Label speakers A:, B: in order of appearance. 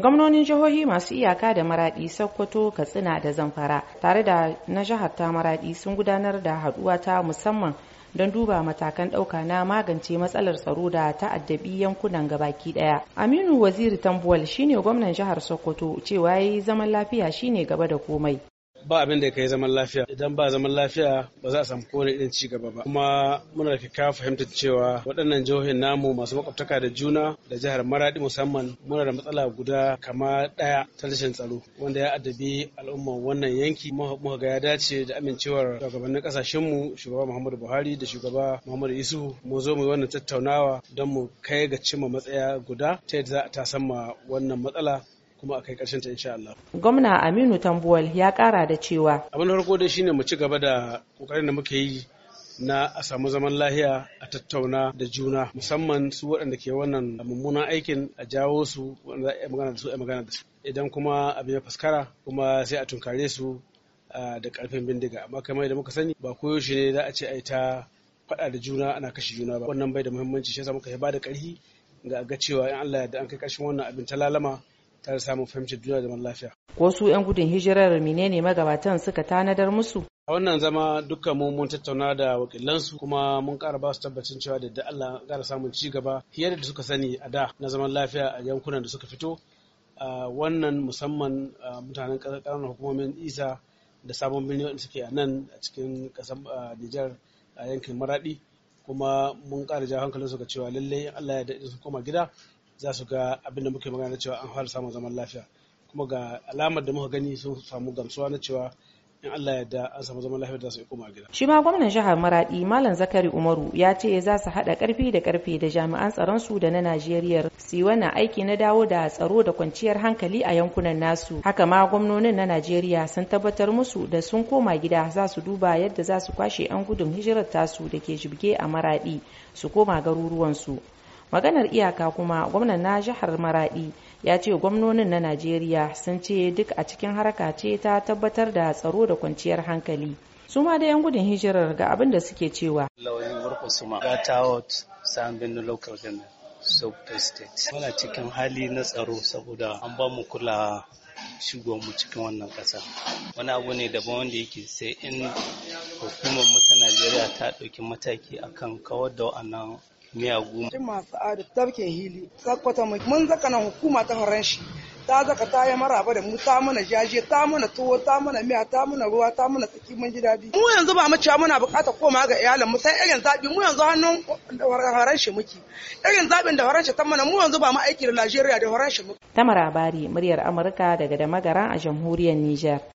A: gwamnonin jihohi masu iyaka da maradi sokoto katsina da zamfara tare da na jihar ta maradi sun gudanar da haduwa ta musamman don duba matakan ɗauka na magance matsalar tsaro da ta'addabi yankunan gabaki ɗaya. Aminu Waziri Tambuwal shine gwamnan jihar Sokoto cewa yayi zaman lafiya shine gaba da komai.
B: ba abin da ya kai zaman lafiya idan ba zaman lafiya ba za a samu kowane irin ci gaba ba kuma muna da kyakkyawa fahimtar cewa waɗannan jihohin namu masu makwabtaka da juna da jihar maradi musamman muna da matsala guda kama ɗaya ta rashin tsaro wanda ya addabi al'ummar wannan yanki muka ga ya dace da amincewar shugabannin ƙasashenmu shugaba muhammadu buhari da shugaba muhammadu isu mu zo mu yi wannan tattaunawa don mu kai ga cimma matsaya guda ta yadda za a tasamma wannan matsala kuma a kai karshen ta insha Allah.
A: Gwamna Aminu Tambuwal ya kara da cewa.
B: Abin farko dai shine mu ci gaba da kokarin da muke yi na a samu zaman lahiya a tattauna da juna musamman su waɗanda ke wannan mummunan aikin a jawo su wanda za a magana da su a magana da su idan kuma abu ya faskara kuma sai a tunkare su da ƙarfin bindiga amma kamar da muka sani ba koyaushe ne za a ce a yi ta faɗa da juna ana kashe juna ba wannan bai da muhimmanci shi yasa muka ba da ƙarfi ga ga cewa in Allah ya da an kai ƙarshen wannan abin ta lalama ta samun fahimtar juna da lafiya.
A: Wasu 'yan gudun hijirar mine ne magabatan suka tanadar
B: musu? A wannan zama dukkan mu mun tattauna da wakilansu kuma mun ƙara ba su tabbacin cewa da da Allah ƙara samun ci gaba fiye da suka sani a da na zaman lafiya a yankunan da suka fito. Wannan musamman mutanen ƙananan hukumomin Isa da sabon birni wanda suke a nan a cikin ƙasar Nijar a yankin Maraɗi. kuma mun ƙara jawo hankalinsu ga cewa lallai Allah ya daɗe su koma gida za su ga abin da muke magana cewa an fara samun zaman lafiya kuma ga alamar da muka gani sun samu gamsuwa na cewa in Allah ya da an samu zaman lafiya da su koma gida.
A: Shi ma gwamnan jihar Maradi Malam Zakari Umaru ya ce za su haɗa karfi da karfi da jami'an tsaron su da na Najeriya su yi wannan aiki na dawo da tsaro da kwanciyar hankali a yankunan nasu. Haka ma gwamnonin na Najeriya sun tabbatar musu da sun koma gida za su duba yadda za su kwashe 'yan gudun hijirar tasu da ke jibge a Maradi su koma garuruwan su maganar iyaka kuma gwamnan na jihar maradi ya ce gwamnonin na najeriya sun ce duk a cikin haraka ce ta tabbatar da tsaro da kwanciyar hankali su ma da 'yan gudun hijirar ga abin da suke cewa
B: muna cikin hali na tsaro saboda an ba mu kula shigo mu cikin wannan ƙasa wani abu ne daban wanda yake sai in hukumar mu najeriya ta ɗauki mataki akan kawar da wa'annan miyagu.
C: Jima sa'adu tafkin hili sakwata mun zaka nan hukuma ta horon shi ta zaka ta yi maraba da mu ta mana jaje ta mana tuwo ta mana miya ta mana ruwa ta mana tsaki mun ji daɗi. Mu yanzu ba mu cewa muna buƙatar koma ga iyalan mu sai irin zaɓi mu yanzu hannun horon shi muke irin zaɓin da horon shi ta mana mu yanzu ba mu aiki da Najeriya da horon shi muke.
A: Tamara Bari muryar Amurka daga da magaran a jamhuriyar Nijar.